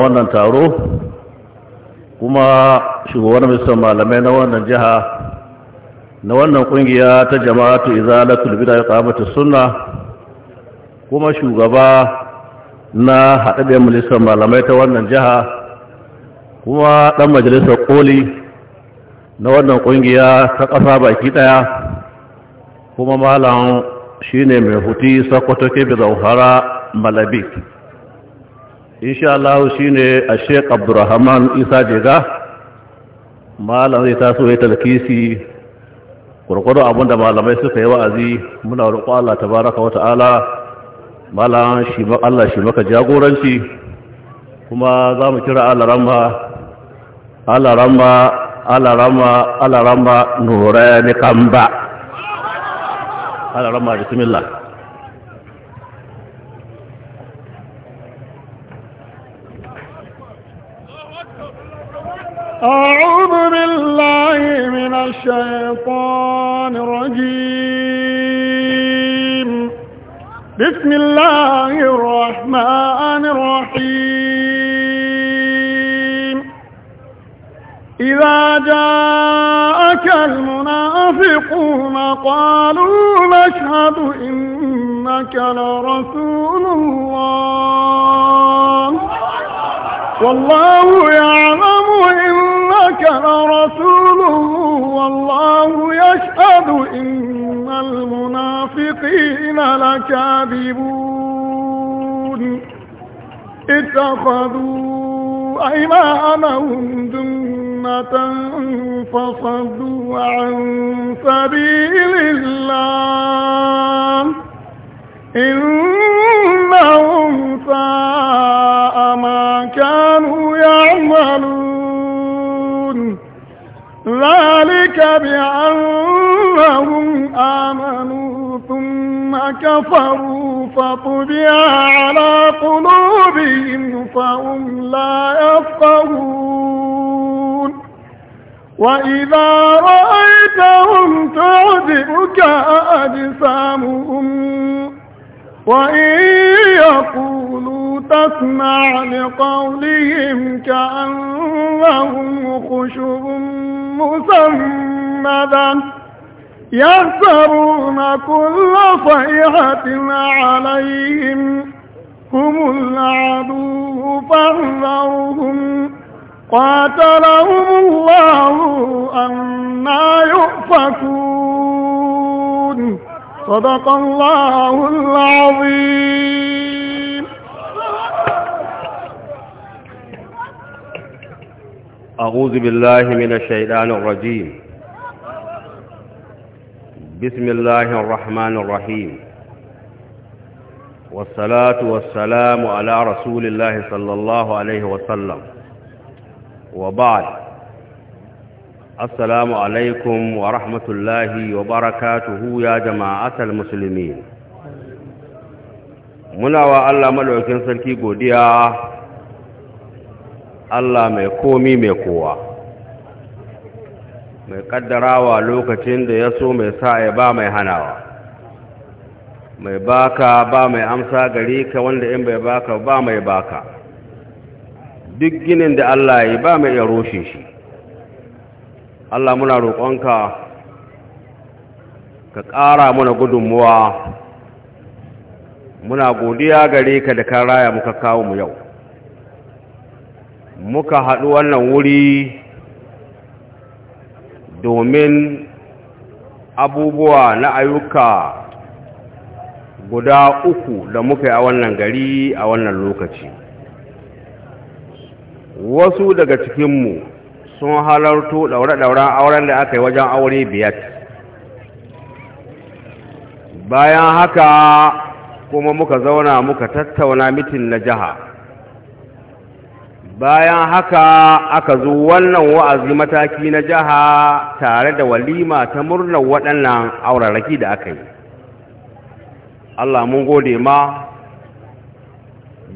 wannan taro kuma shugabar misal malamai na wannan jiha na wannan kungiya ta jama'atu izalatul bid'a iqamatu sunna kuma shugaba na haɗaɗɗen majalisar malamai ta wannan jiha kuma ɗan majalisar koli na wannan kungiya ta ƙasa baki ɗaya kuma malam shine mai hutu sakwato kebe zauhara malabi. insha Allah shi ne a sheik abdurrahman isa jega malam zai taso ya talkisi kurkudu abinda malamai suka yi wa'azi muna roƙo Allah tabaraka wata'ala malam shi Allah shi maka jagoranci kuma za mu kira alarama alarama alarama alarama nura ni kamba alarama bismillah بسم الله الرحمن الرحيم إذا جاءك المنافقون قالوا نشهد إنك لرسول الله والله يعلم إنك لرسوله والله يشهد إن المنافقون المنافقين لكاذبون اتخذوا أيمانهم جنة فصدوا عن سبيل الله إنهم ساء ما كانوا يعملون ذلك بأن كفروا فطبع على قلوبهم فهم لا يفقهون وإذا رأيتهم تعذبك أجسامهم وإن يقولوا تسمع لقولهم كأنهم خشب مسمدا يحسبون كل صيحة عليهم هم العدو فاحذرهم قاتلهم الله أنا يؤفكون صدق الله العظيم أعوذ بالله من الشيطان الرجيم بسم الله الرحمن الرحيم والصلاة والسلام على رسول الله صلى الله عليه وسلم وبعد السلام عليكم ورحمة الله وبركاته يا جماعة المسلمين muna wa Allah malaukin sarki godiya Allah mai komi mai kowa mai kaddarawa lokacin da ya so mai sa ya ba mai hanawa mai baka ba mai amsa gari ka wanda in bai baka ba mai baka duk ginin da Allah yi ba mai ya shi Allah muna roƙonka ka ƙara muna gudunmuwa muna godiya gare ka da ka raya muka kawo mu yau muka haɗu wannan wuri domin abubuwa na ayyuka guda uku da muka a wannan gari a wannan lokaci wasu daga cikinmu sun halarto ɗaure-ɗauren auren da aka yi wajen aure biyar bayan haka kuma muka zauna muka tattauna mitin na jiha bayan haka aka zo wannan wa'azi mataki na jiha tare da walima ta murnar waɗannan auraraki da aka yi Allah mun gode ma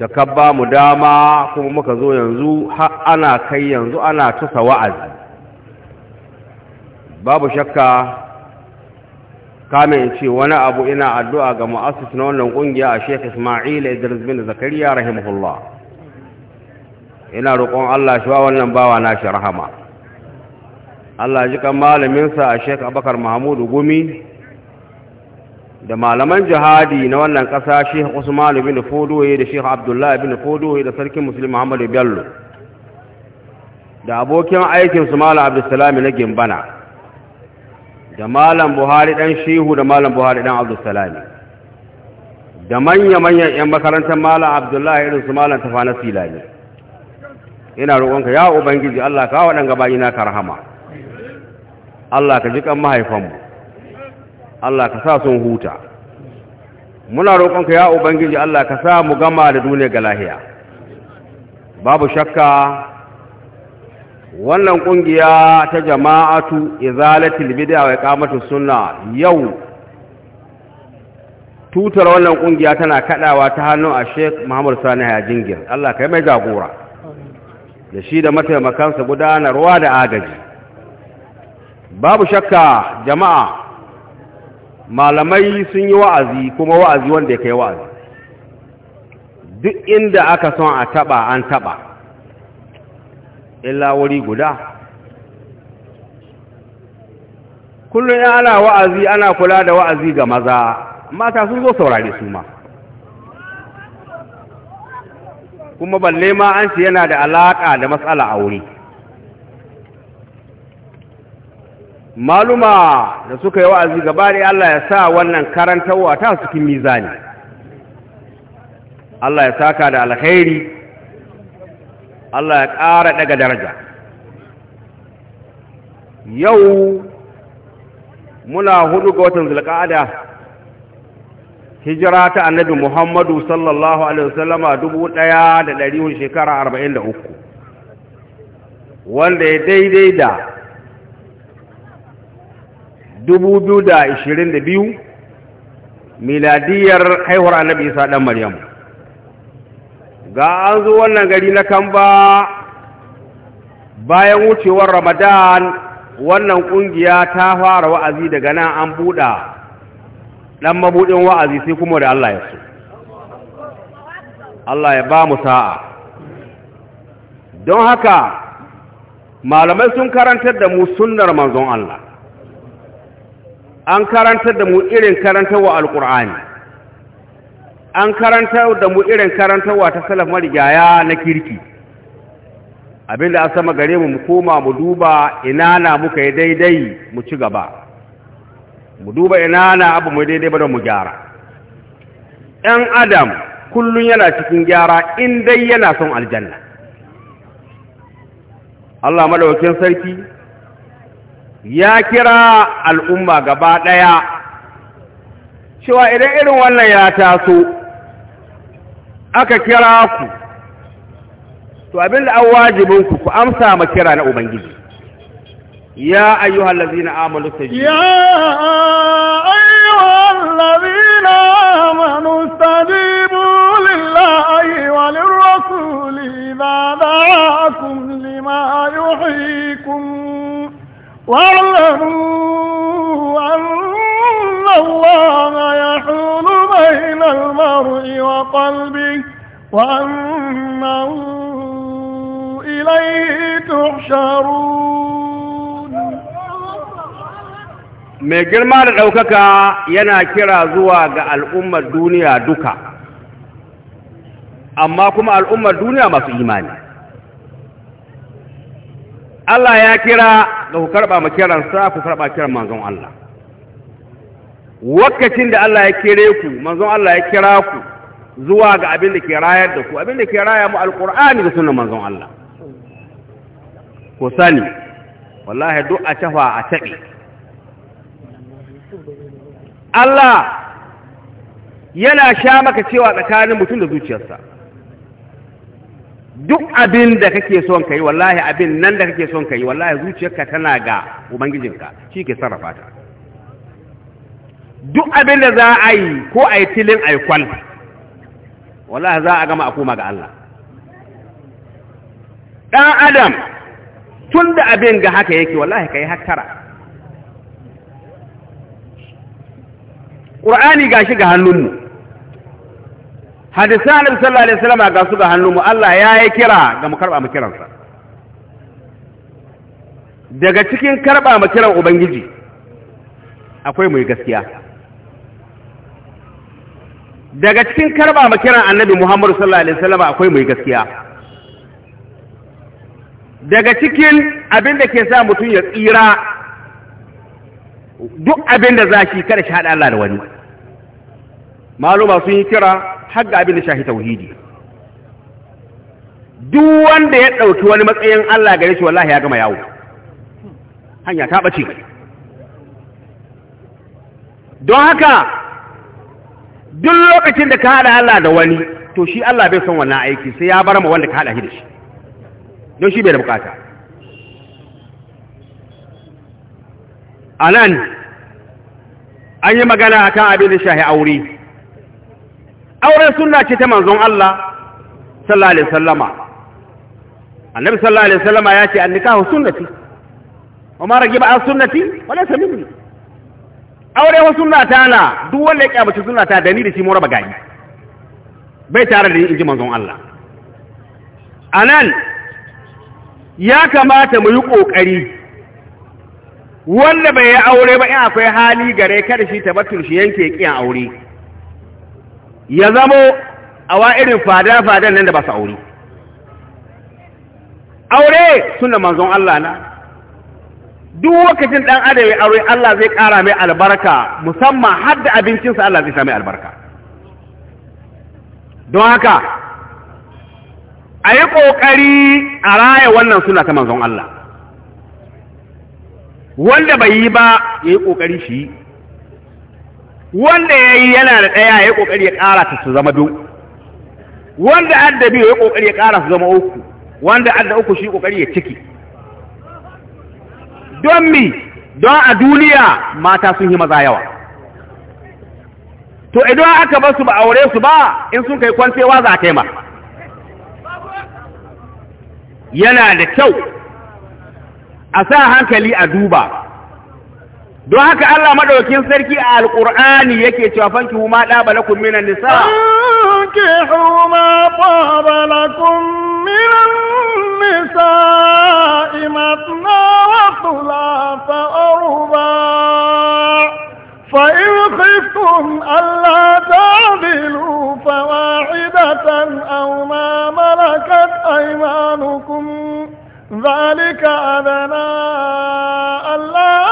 da kabba mu dama kuma muka zo yanzu har ana kai yanzu ana tusa wa'azi babu shakka kamin ce wani abu ina addu'a ga mu'assis na wannan ƙungiya a Sheikh Ismail Idris bin Zakariya rahimahullah ina roƙon Allah shi wa wannan bawa na shi rahama Allah ji kan malaminsa a Sheikh Abakar Mahmudu Gumi da malaman jihadi na wannan ƙasa Sheikh Usman ibn Fodoye da Sheikh Abdullah ibn Fodoye da Sarkin Musulmi Muhammad Bello da abokin aikin su Malam Abdulsalam na Gimbana da Malam Buhari dan Shehu da Malam Buhari dan Abdulsalam da manya-manyan 'yan makarantar Malam Abdullahi irin su Malam Tafana Silani ina roƙonka ya ubangiji Allah ka gaba ina ka rahama Allah ka jikan mahaifanmu Allah ka sa sun huta muna roƙonka ya ubangiji Allah ka sa mu gama da duniya ga lahiya babu shakka wannan ƙungiya ta jama'atu izalatul bid'a wa iqamatus sunna yau tutar wannan ƙungiya tana kadawa ta hannun a Sheikh Muhammad Sani Hajingir Allah ka yi mai jagora da shi da mataimakansa gudanarwa da agaji babu shakka jama'a malamai sun yi wa'azi kuma wa'azi wanda ya kai wa'azi duk inda aka son a taba an taba illa wuri guda kullum ya ana wa'azi ana kula da wa'azi ga maza mata sun zo saurari su ma kuma balle ma an ce yana da alaƙa da matsala a wuri. maluma da suka yi wa'azi gaba da Allah ya sa wannan karantarwa ta cikin mizani Allah ya saka da alkhairi Allah ya ƙara daga daraja yau muna hudu ga watan zulqa'ada hijira ta annabi Muhammadu sallallahu alaihi wasallama dubu ɗaya da ɗari shekara arba'in da uku wanda ya daidai da dubu biyu da da biyu miladiyar haihuwar annabi isa ɗan maryam ga an zo wannan gari na kamba bayan wucewar ramadan wannan ƙungiya ta fara wa'azi daga nan an buɗa dan mabuɗin wa'azi sai kuma da Allah ya so Allah ya ba mu sa'a don haka malamai sun karantar da mu sunnar manzon Allah an karantar da mu irin karantarwa alkur'ani an karantar da mu irin karantarwa ta salaf marigaya na kirki abinda an sama gare mu mu koma mu duba ina na muka yi daidai mu ci gaba mu duba ina na abu mai daidai ba don mu gyara ɗan adam kullum yana cikin gyara in dai yana son aljanna Allah madawakin sarki ya kira al'umma gaba ɗaya cewa idan irin wannan ya taso aka kira ku to abin da an ku ku amsa ma kira na ubangiji يا أيها الذين آمنوا استجيبوا يا أيها الذين آمنوا استجيبوا لله وللرسول إذا دعاكم لما يحييكم واعلموا أن الله يحول بين المرء وقلبه وأنه إليه تحشرون mai girma da ɗaukaka yana kira zuwa ga al'ummar duniya duka amma kuma al'ummar duniya masu imani Allah ya kira da ku karɓa ma kiransa ku karɓa kiran manzon Allah wakacin da Allah ya kire ku manzon Allah ya kira ku zuwa ga abin da ke rayar da ku abin da ke raya mu alƙur'ani da sunan manzon Allah ku sani wallahi duk a tafa a taɓe Allah yana sha maka cewa tsakanin mutum da zuciyarsa duk abin da kake son ka yi wallahi abin nan da kake son ka yi wallahi zuciyarka tana ga ubangijinka shi ke sarrafa ta duk abin da za a yi ko a yi tilin a yi kwal wallahi za a gama a koma ga Allah ɗan adam tun da abin ga haka yake wallahi ka yi hattara ƙur'ani ga shi ga hannunmu hadisan annabi sallallahu alaihi wasallam ga su ga hannunmu Allah ya yi kira ga mu karɓa mu kiransa daga cikin karɓa mu kiran ubangiji akwai mu gaskiya daga cikin karɓa mu kiran annabi Muhammad sallallahu alaihi wasallam akwai mu gaskiya daga cikin abin da ke sa mutum ya tsira duk abin da za shi kada shi haɗa Allah da wani maluma sun yi kira har ga abin da shahi tauhidi duk wanda ya ɗauki wani matsayin Allah gare shi wallahi ya gama yawo hanya ta ɓace don haka duk lokacin da ka haɗa Allah da wani to shi Allah bai son wannan aiki sai ya bar ma wanda ka haɗa shi da shi don shi bai da bukata a nan an yi magana akan abin da shahi aure auren suna ce ta manzon Allah sallallahu alaihi wasallama annabi sallallahu alaihi wasallama ya ce annikahu sunnati wa ma ragiba an sunnati wa laysa minni aure wa sunnata na duk wanda ya kyabace sunnata da ni da shi mu raba gani bai tare da ni inji manzon Allah anan ya kamata mu yi kokari wanda bai yi aure ba in akwai hali gare kada shi tabattul shi yanke kiyan aure ya zamo a wa irin fada-fadan nan da ba su aure aure suna manzon Allah na duk wakacin dan adam ya aure Allah zai kara mai albarka musamman har da abincinsa Allah zai sami albarka don haka ayi yi ƙoƙari a raya wannan suna ta manzon Allah wanda bai yi ba ya yi ƙoƙari shi wanda ya yi yana da ɗaya ya ƙoƙari ya ƙara ta su zama biyu wanda adda biyu ya ƙoƙari ya ƙara su zama uku wanda adda uku shi ƙoƙari ya ciki don mi don a duniya mata sun yi maza yawa to idan aka ba su ba aure su ba in sun kai kwancewa za a kai ma yana da kyau a sa hankali a duba don haka Allah madaukakin sarki a alqur'ani yake cewa fanki huma da balakum minan nisa ke huma balakum minan nisa imatna wa tula fa urba fa in khiftum alla ta'dilu fa wahidatan aw ma malakat aymanukum ذلك أدنى الله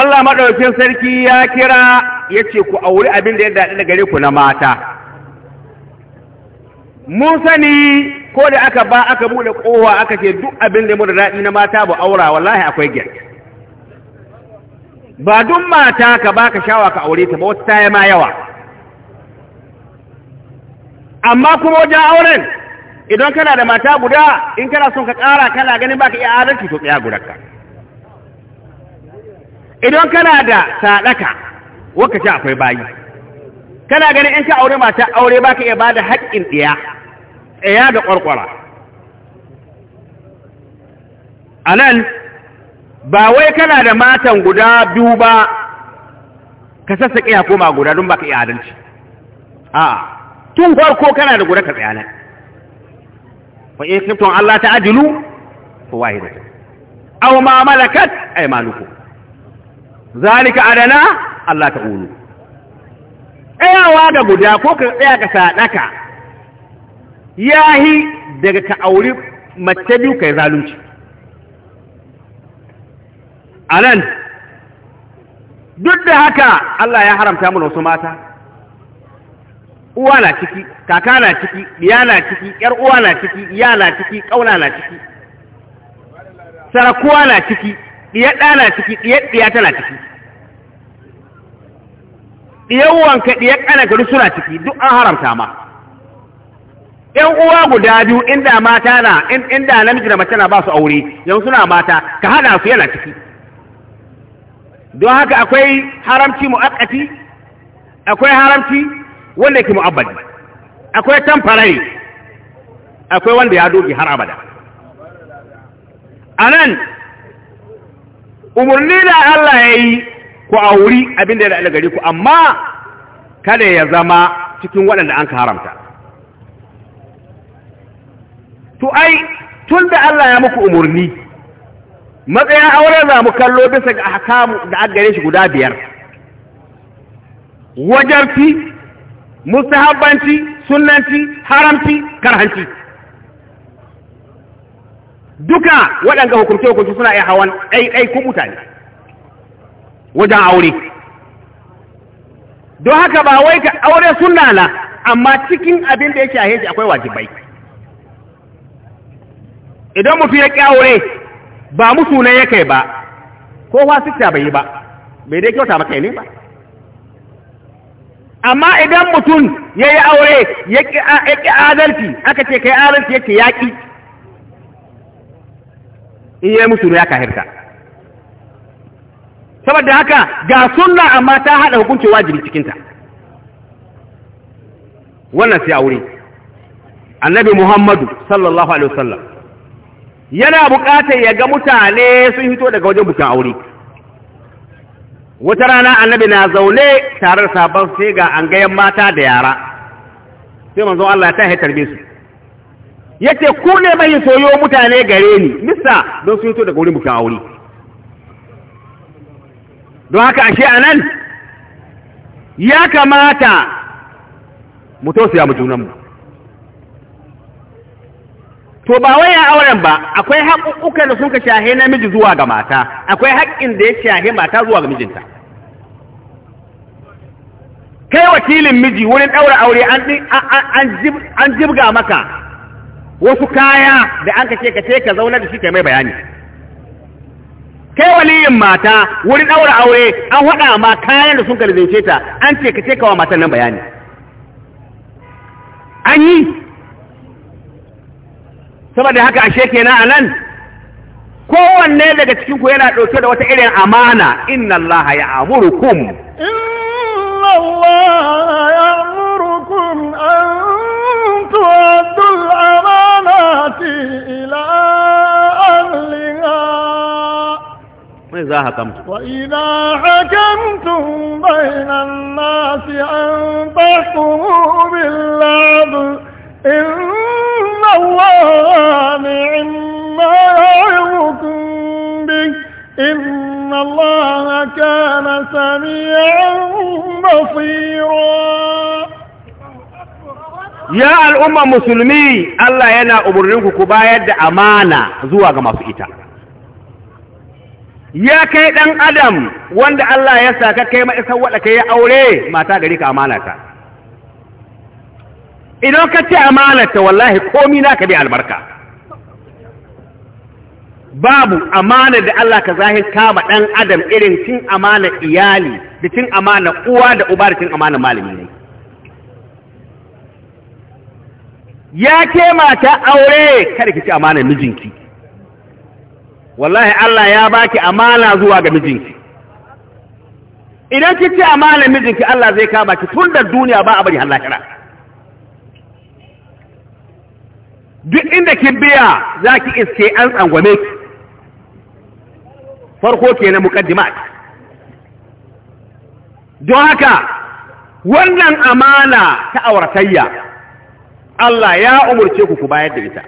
Allah maɗaukin sarki ya kira ya ce ku auri abin da ya daɗi da gare ku na mata. Mun sani ko da aka ba aka buɗe ƙowa aka ce duk abin da mu da daɗi na mata ba aura wallahi akwai gyar. Ba duk mata ka ba ka shawa ka aure ta ba wata ta ma yawa. Amma kuma wajen auren idan kana da mata guda in kana son ka ƙara kana ganin baka iya adalci to tsaya ka idan kana da sadaka waka ce akwai bayi kana ganin in ka aure mata aure baka iya bada haƙƙin ɗiya tsaya da ƙwarƙwara a nan ba wai kana da matan guda biyu ba ka sassaƙe ya koma guda don baka iya adalci a tun farko kana da guda ka tsaya nan fa in kuntum Allah ta'dilu fa wahidatan aw ma malakat aymanukum zalika adana Allah ta'ulu tsayawa da guda ko ka tsaya ka sadaka yahi daga ka auri mace biyu kai zalunci anan duk da haka Allah ya haramta mana wasu mata uwa na ciki kaka na ciki ɗiya na ciki ƴar uwa na ciki iya na ciki ƙauna na ciki sarakuwa na ciki ɗiyar ɗa na ciki ɗiyar ɗiya tana ciki ɗiyar wanka ɗiyar ƙananka duk suna ciki duk an haramta ma ƴan uwa guda biyu inda mata na inda namiji da mace na ba su aure yanzu suna mata ka haɗa su yana ciki don haka akwai haramci mu'akkati akwai haramci wanda yake mu'abbadi akwai temporary akwai wanda ya doge har abada anan umarni da Allah ya yi ku auri wuri abin da ya da gari ku amma kada ya zama cikin waɗanda an ka haramta to ai tun da Allah ya muku umarni matsayin aure za mu kallo bisa ga hakamu da aka shi guda biyar wajarfi mustahabbanci sunanci, haramci karhanci duka waɗanda hukumce hukunci suna iya hawan ɗaiɗai ko mutane wajen aure don haka ba wai ka aure suna na amma cikin abin da yake a heji akwai wajibai idan mu ya ƙi aure ba musu ne ya kai ba ko wasita bai yi ba bai dai kyauta maka ne ba amma idan mutum ya yi aure ya ƙi adalci aka ce kai adalci yake yaƙi in yi musu ya kahirta saboda haka ga sunna amma ta haɗa hukuncin wajibi cikinta wannan sai aure annabi muhammadu sallallahu alaihi wasallam yana buƙatar ya ga mutane sun hito daga wajen bukan aure wata rana annabi na zaune tare da sabon sai ga an gayan mata da yara sai manzon Allah ya tahe tarbe su yace ku ne mai soyo mutane gare ni mista don su yito daga wurin bukin aure don haka ashe anan ya kamata mu tausaya mu mu. to ba wai auren ba akwai haƙuƙukan da suka shahe namiji zuwa ga mata akwai haƙƙin da ya shahe mata zuwa ga mijinta kai wakilin miji wurin ɗaura aure an jibga maka wasu kaya da an kace ka ce ka zauna da shi kai mai bayani kai waliyin mata wurin ɗaura aure an haɗa ma kayan da sun kalizance ta an ce ka ce wa matan nan bayani an yi saboda haka ashe kenan anan kowanne daga cikin ku yana dauke da wata irin amana inna Allah ya amurukum inna Allah ya amurukum an tu'addu al-amanati ila ahliha وإذا حكمتم وإذا حكمتم بين الناس أن تحكموا بالعدل إن نعما in به إن الله كان سميعا بصيرا ya al'ummar musulmi Allah yana umarninku ku bayar da amana zuwa ga masu ita ya kai ɗan adam wanda Allah ya ka kai ma isa waɗa kai ya aure mata gari ka amana ta idan ka ce ta, wallahi komi na ka bi albarka babu amana da Allah ka zahir kama dan adam irin cin amana iyali da cin amana uwa da uba da cin amana malami ne ya ke mata aure kada ki ci amana mijinki wallahi Allah ya baki amana zuwa ga mijinki idan ki ci amana mijinki Allah zai kama ki tun da duniya ba a bari har duk inda kin biya za ki iske an tsangwame ki farko ke na mukaddima don haka wannan amana ta auratayya Allah ya umurce ku ku bayar da ita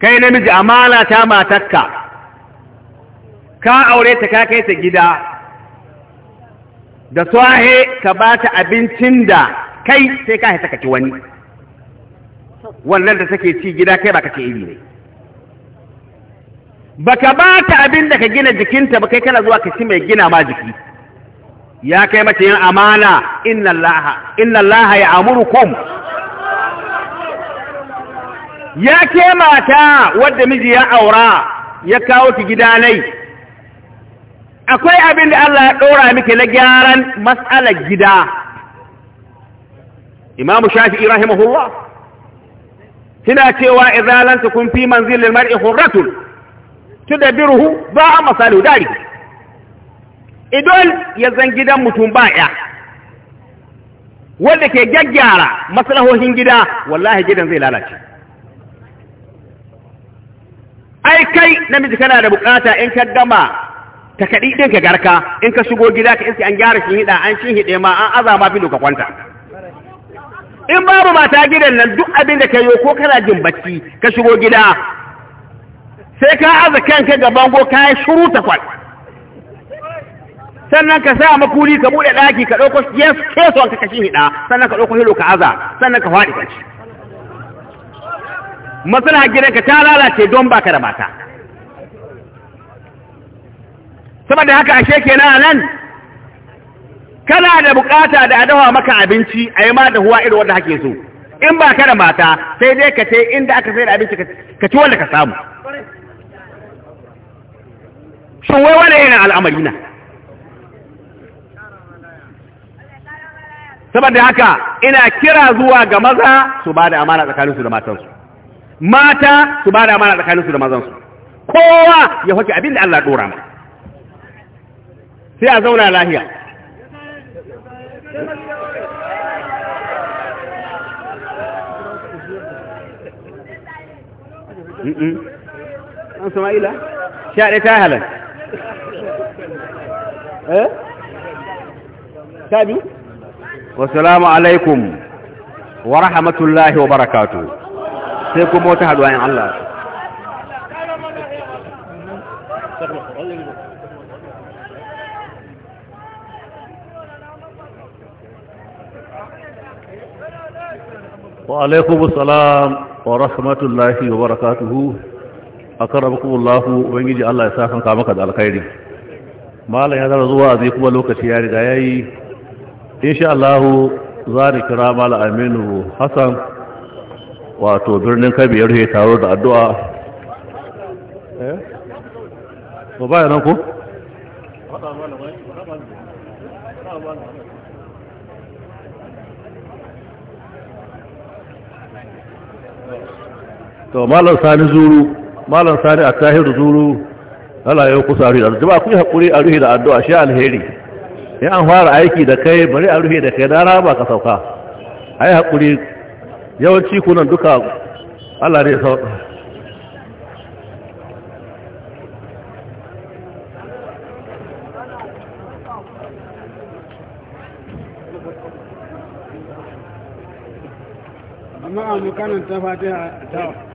kai namiji amana ta matakka ka aure ta ka kai ta gida da tsohe ka ba ta abincin da kai sai ka haita ka wani wannan da take ci gida kai baka ce iri ne baka ba ta abin da ka gina jikinta ba kai kana zuwa ka ci mai gina ma jiki ya kai mace yin amana inna allaha ya amurukum ya ke mata wadda miji ya aura ya kawo ki gida nai. akwai abin da Allah ya ɗora miki na gyaran matsalar gida imamu shafi'i rahimahullah Kina cewa idza lam takun fi manzilil mar'i hurratun tudabbiruhu ba'a masalu dari idol ya zan gidan mutum ba ya wanda ke gaggyara maslahohin gida wallahi gidan zai lalace ai kai namiji kana da bukata in ka gama ta kaɗi ɗin ka garka in ka shigo gida ka iske an gyara shi hida an shi hide ma an azama bilo ka kwanta in babu mata gidan nan duk abin da ka yi ko kana jin bacci ka shigo gida sai ka aza kanka ga bango ka yi shuru takwal sannan ka sa makuli ka buɗe ɗaki ka ɗauko yes keso ka kashi hida sannan ka ɗauko hilo ka aza sannan ka faɗi kanci gidan gidanka ta lalace don baka da mata saboda haka ashe kenan nan kana da bukata da adawa maka abinci a yi ma da huwa irin wanda hake so in ba ka da mata sai dai ka ce inda aka sai da abinci ka ci wanda ka samu shi wai wani yana al'amari na saboda haka ina kira zuwa ga maza su ba da amana tsakaninsu da matansu mata su ba da amana tsakaninsu da mazansu kowa ya hoke abin da Allah dora ma sai a zauna lahiya an eh? alaikum wa rahmatullahi wa barakatu sai kuma wata haɗuwa in Allah وعليكم السلام ورحمة الله وبركاته أكرمكم الله وإنجي الله يسافن قامك على الخير ما لا يدر زوا أذيكم لوكتي يا رجاي إن شاء الله zari كرام على aminu حسن wato birnin kabi ya rufe taro da addu'a eh ba to malam sani zuru malam sani a tahiru zuru ala yau kusa ruhi da ku yi haƙuri a ruhi da addu'a shi alheri Ya an fara aiki da kai bari a ruhi da kai Na ba ka sauka yi haƙuri yawanci kunan duka Allah ne ya sauka karanta fatiha ta